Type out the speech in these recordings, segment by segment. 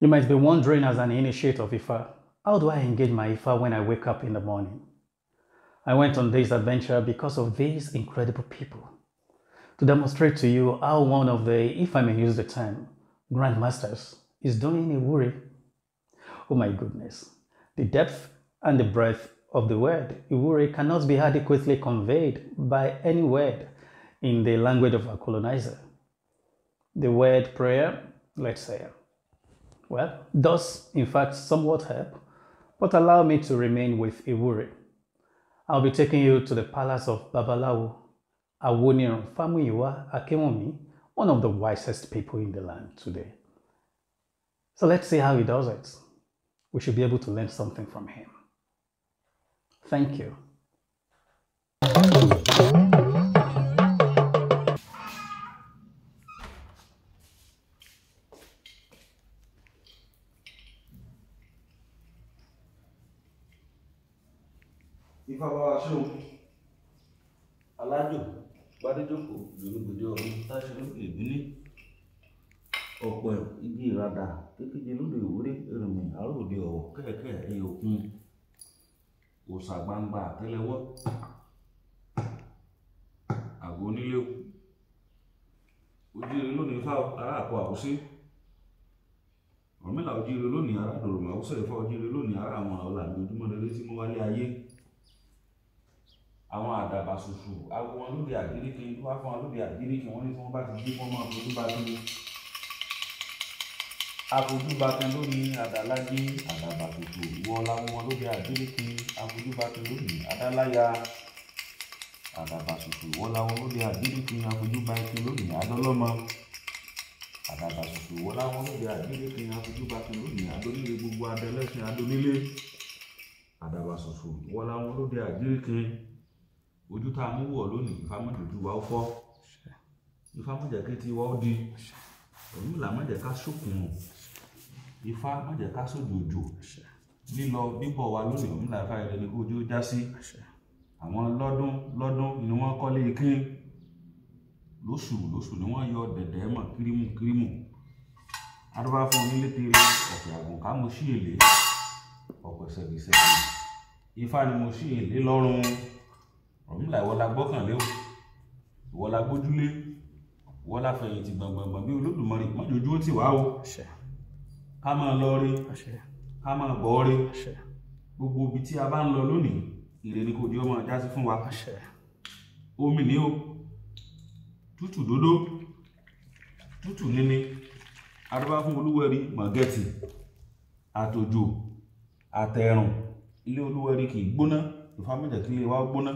You might be wondering as an initiate of Ifa, how do I engage my Ifa when I wake up in the morning? I went on this adventure because of these incredible people. To demonstrate to you how one of the, if I may use the term, grandmasters is doing a worry. Oh my goodness, the depth and the breadth of the word Iwuri cannot be adequately conveyed by any word in the language of our colonizer the word prayer, let's say. Well, does in fact somewhat help, but allow me to remain with Iwuri. I'll be taking you to the palace of Babalawo, Awoniran Famuyiwa Akemomi, one of the wisest people in the land today. So let's see how he does it. We should be able to learn something from him. Thank you. ìfàbáwá ṣóun alájò gbadéjòkó lónìgbòdì ọ̀run táṣírò ègúnní ọ̀pọ̀ igi ìradà kékeré lódò ìwúrí èròmì àròòde ọ̀wọ̀ kẹ̀kẹ́ ẹ̀yẹ òkun òòsà gbangba àtẹ́lẹwọ́ àgbo onílé ojúire lónìí fá ará àpò àwòsí ọ̀rọ̀mìlà ojúire lónìí ará dòròmọ̀ àwòsàn ìfá ojúire lónìí ará àwọn ọ̀làǹdójúmọ́ lẹ́lẹ́tí mọ́wálé ayé àwọn àdàbà ṣoṣo awo wọn lóde àgíríkì tó wá fún wọn lóde àgíríkì wọn ní tí wọn bá ti dé wọn máa fojú ba bí afojú ba kan lórí àdàlágé àdàbà ṣoṣo ìwọ làwọn wọn lóde àgíríkì afojú ba kan lórí àdàláyà àdàbà ṣoṣo ìwọ làwọn lóde àgíríkì afojú ba kan lórí àdọlọmọ àdàbà ṣoṣo ìwọ làwọn lóde àgíríkì afojú ba kan lórí àdónílé gbogbo adẹlẹsìn adónílé àdàbà ṣoṣo ìwọ làwọn lóde àgíríkì ojú tá a mú wọ̀ lónìí ìfamọ́jòjú wa ó fọ́ ìfamọ́jẹ̀kí ti wa ó di òmùlà mọ́jẹ̀ká sókun o ifá mọ́jẹ̀ká sójòjò lílọ bíbọ̀ wa lónìí òmùlà ifá ìrẹ́ ni kó ojú ó já sí àwọn lọ́dún lọ́dún ni wọ́n kọ́lé kín lóṣù lóṣù ni wọ́n yọ dẹ̀dẹ̀ mọ̀ kírímù kírímù adúbá fún onílé tèrè ọ̀pẹ̀ àgùn ká mo ṣí èlé ọ̀pẹ̀ ṣẹ̀gbẹ̀ṣẹ̀gbẹ̀ ifá ni mo ṣí èlé lọ́rùn. Ọ̀rúnmìlà ìwọ la gbọ́kànlé o ìwọ la gbójúlé ìwọ la fẹ̀yìntì gbọ̀ngbọ̀ngbọ̀n bí Olódùmarè mọ́jọ́jú ó ti wá o ká máa lọ rí ká máa bọ̀ rí gbogbo ibi tí a bá ń lọ lónìí ire ni kò di ọmọ ajá sí fún wa omi ní o tútù dódó tútù níní arúgbá fún olúwẹ̀rí mọ̀gẹ́tì àtòjò àtẹ̀rùn ilé olúwẹ̀rí kì í gbóná ìfá mẹ́jẹ̀ kí ilé wa gbóná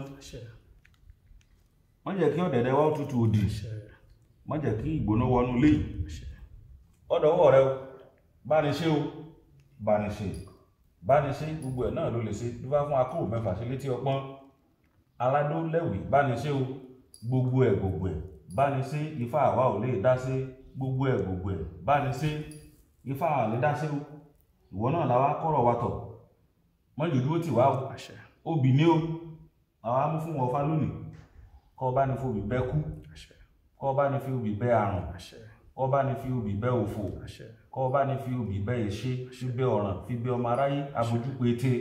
má jẹ́ kí ọ̀dẹ̀dẹ̀ wa tútù òdì má jẹ́ kí ìgbóná wọnú ilé ọ̀dọ̀ ọwọ́ rẹ o bá ní ṣe o bá ní ṣe bá ní ṣe gbogbo ẹ̀ náà ló lè ṣe tó bá fún akóró mẹ́fà ṣe létí ọpọ́n aládó lẹ́wì bá ní ṣe o gbogbo ẹ̀ gbogbo ẹ̀ bá ní ṣe ifá àwa ò lè dá sí gbogbo ẹ̀ gbogbo ẹ̀ bá ní ṣe ifá àwa ò lè dá sí o ìwọ náà làwa kọ́rọ̀ wa tọ̀ mọ́jú dúró tì wá o obì ní o àwọn amú fún ọfá lónìí kọ bá ní fi obì bẹ kú kọ bá ní fi obì bẹ àrùn kọ bá ní fi obì bẹ òfò kọ bá ní fi obì bẹ èṣe fi bẹ ọ̀ràn fi bẹ ọmọ aráyé abojúpo ete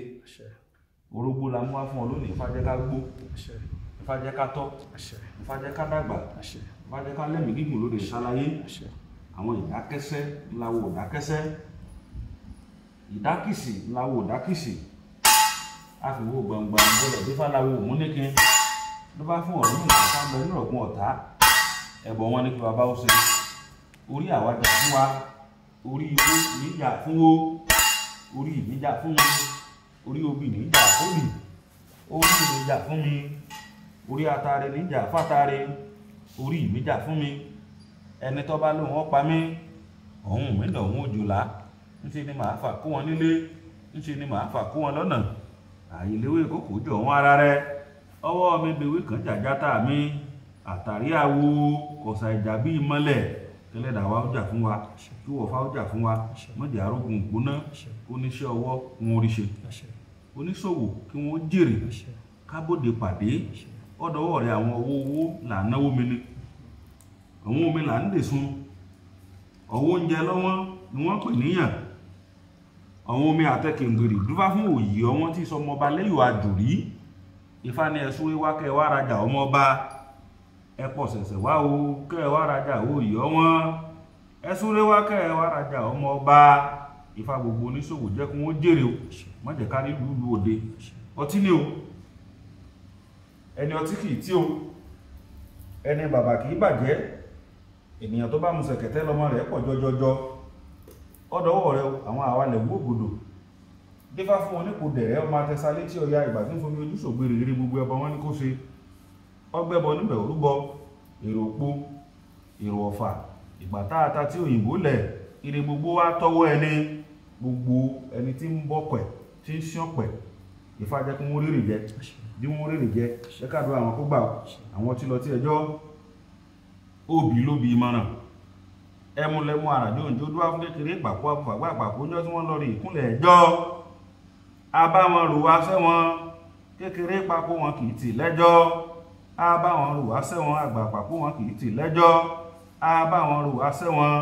orógbó la mú wá fún ọ lónìí ifá jẹ́ ká gbó ifá jẹ́ ká tọ́ ifá jẹ́ ká dàgbà ifá ká lẹ́mìí gígùn lóde ìsálayé àwọn ìdákẹ́sẹ́ ńláwó ìdákẹ́sẹ́ ìdákìsì ńláwó ìdákìsì àfiwò gbangba bọ́lẹ̀ bí fàlàwò òmúlékin ló bá fún ọ̀rọ̀ nìyí sáńbẹ nírọ̀gùn ọ̀tá ẹ̀bọ̀ wọn ní kí bàbá ó ṣe orí àwàdà fún wa orí ìwé níjà fún wo orí ìníjà fún mi orí obì níjà fún orí ìníjà fún mi orí atare níjà fàtare orí ìníjà fún mi ẹni tó bá lóun ọ̀pá mi ọ̀hún mi lọ̀hún òjòlá ńṣe ni màá fà kó wọn nílé ńṣe ni màá fà kó wọn lọ́nà. àyèléwé kókò jọ wọn ara rẹ ọwọ́ mi bèwé kan jàjátà mi àtàrí àwo kosa ìjà bí ìmọ́lẹ̀ kẹlẹ́dà wa ó jà fún wa kí wọ́fà ó jà fún wa mọ̀jà arógun oníṣẹ́ ọwọ́ wọn orí ṣe oníṣòwò kí wọ́n jèrè kábòdè pàdé ọ̀dọ́wọ́ rẹ àwọn owó owó là ń náwó mi ni àwọn omi àwọn omi àtẹkẹ̀ngbèrè dúfá fún òyì ọwọ́n tí sọmọba lẹ́yìn àjòrí ifá ní ẹ̀sùn wíwá kẹ́ wá rajà ọmọọba ẹ pọ̀ ṣẹ̀ṣẹ̀ wá o kẹ́ wá rajà òyì ọwọ́n ẹ̀sùn wíwá kẹ́ wá rajà ọmọọba ifá gbogbo oníṣòwò jẹ́ kí wọ́n jèrè o má jẹ́ ká nílùú lu òde ọtí ni o ẹni ọtí kì í tí o ẹni bàbà kì í bàjẹ́ ènìyàn tó bá mu ṣẹ̀kẹ̀tẹ̀ lọ́mọ rẹ̀ pọ̀ jọjọjọ ọdọwọ rẹ àwọn àwa lẹ wú ògbòdò dífá fún wọn nípò dẹrẹ ọmọ atẹsá létí ọya ìgbà tí ń fomi ojúṣògbè rèére gbogbo ẹbọ wọn ní kó ṣe ọgbẹbọ níbẹ̀ orúbọ èrò òpó èrò ọ̀fà ìgbà táata tí òyìnbó lẹ ire gbogbo wa tọwọ́ ẹni gbogbo ẹni tí ń bọ̀pẹ̀ tí ń ṣọ̀pẹ̀ Ifá jẹ́ kí wọ́n rírì jẹ bí wọ́n rírì jẹ ṣẹ́kàdúrà àwọn kó gbà àwọn tí lọ tí ẹjọ́ òbí lóbi ìmọ̀ràn ẹmúlẹmú àràjò òǹjọ dúwà fún kékeré ìpàkó àpàgbà àpàkó ńjọ tí wọn lọ rí ìkúnlẹ̀ ẹjọ́ abáwọn rùwà sẹ́wọ̀n kékeré papò wọn kì í tì lẹ́jọ́ abáwọn rùwà sẹ́wọ̀n àgbà papò wọn kì í tì lẹ́jọ́ abáwọn rùwà sẹ́wọ̀n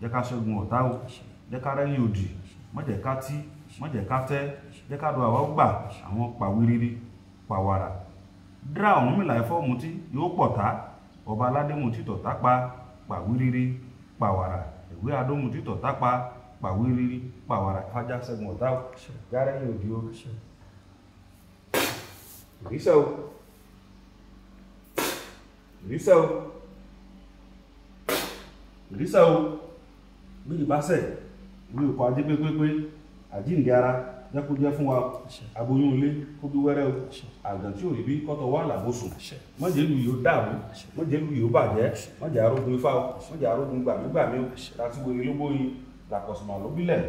jẹ́ ká ṣẹ́gun o jẹ́ ká rẹ́yìn òdì má tí má jẹ́ ká do àwọn gbà àwọn pàwírírí pàwàrà dírà Ọ̀rúnmìlà ẹ̀fọ́ mutí yóò pọ̀ tá ọba aládé mutí tọ̀tá pa pàwírírí pàwàrà ìwé adóhun títọ̀ tápa pàwírírí pàwàrà fájá sẹ́gun ọ̀tá ò gárẹ́yìn òdi ó ìrísẹ́ o ìrísẹ́ o ìrísẹ́ o bí ìbásẹ̀ ìwé òkò ajé pépépé àjíǹde ara jẹ́ kó jẹ́ fún wa aboyún ilé kó bí wẹ́rẹ́ o àgàn tí ò rí bí kọ́tọ̀ wà làbòsùn mọ̀jẹ̀ ìlú yóò dààmú mọ̀jẹ̀ ìlú yóò bàjẹ́ mọ̀jẹ̀ arógun ifá o mọ̀jẹ̀ arógun gbàmígbàmí o tàti wèrè ló bóyin làkọ̀sùmọ̀ ló bílẹ̀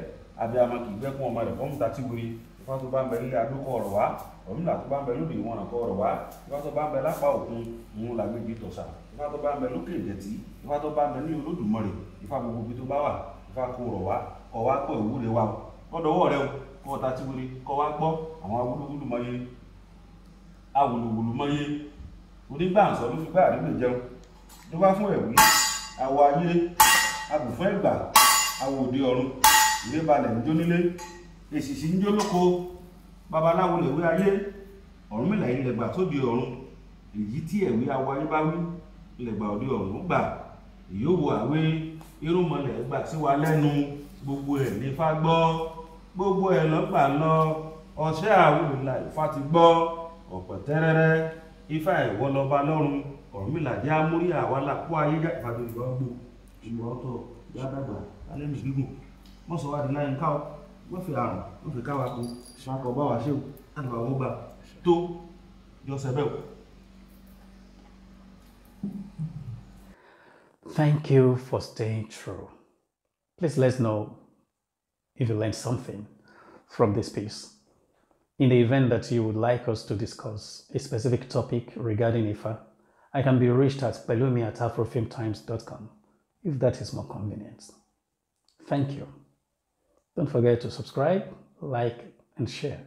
abiyamọ kì í gbẹ́kún ọmọ rẹ̀ fọ́nmù tàti wèrè ifá tó bá ń bẹ nílé adókò ọ̀rọ̀ wá ọ̀mìnà tó bá ń bẹ lóde ìwọ̀n àkọ́ ọ̀rọ̀ wá ifá tó bá ń bẹ lápá òkun òun làgbégi tọ̀sà ifá tó bá ń bẹ lókè ìdẹ̀tì ifá tó bá ń bẹ ní Olódùmarè ifá gbogbo ibi tó bá wà ifá kó rọ̀ wá kọ̀ wá pọ̀ ìwúre wa lọ́dọ̀ ọwọ́ rẹ o kọ́ ọ̀tá tí wèrè kọ́ wá gbọ́ àwọn awúlúwúlú mọ́yé awùlùwùlù mọ́yé onígbàǹsọ́ ló fi gbà nílé jẹun ló wá fún ẹ̀wí àwọ̀ ayé abùfún ẹ̀gbà àwọ̀ òde ọ̀run ìwé balẹ̀ ń jó nílé èsìsì ń jó lóko babaláwo lẹ̀wé ayé Ọ̀rúnmìlà yìí lẹ̀gbà tó di ọ̀run èyí tí ẹ̀wí àwọ̀ ayé bá wí lẹ̀gbà òde ọ̀run gbà ìyówó àwé irúnmọlẹ̀ gbà sí wa lẹ́nu gbogbo ẹ̀ ní fá gbọ́ gbogbo ẹ̀ lọ́gbà lọ ọṣẹ́ àwòrán Ifá ti gbọ́ ọ̀pẹ̀ tẹ́rẹ́rẹ́ Ifá ìwọ lọ́ba lọ́run Ọ̀rúnmìlà amórí àwa làkó ayé ìfàdé ìwà gbò ìwà ọ̀tọ̀ yádàgbà alẹ́ mi gígùn mọ́sọ̀ wá di láyé ká ọ fi àrùn wọ́n fi káwa kú ṣàkọ̀ bá wa ṣe o láti gbà tó yọ sẹ́bẹ̀ o. Thank you for staying true. Please let us know if you learned something from this piece. In the event that you would like us to discuss a specific topic regarding IFA, I can be reached at pelumi at afrofilmtimes.com if that is more convenient. Thank you. Don't forget to subscribe, like, and share.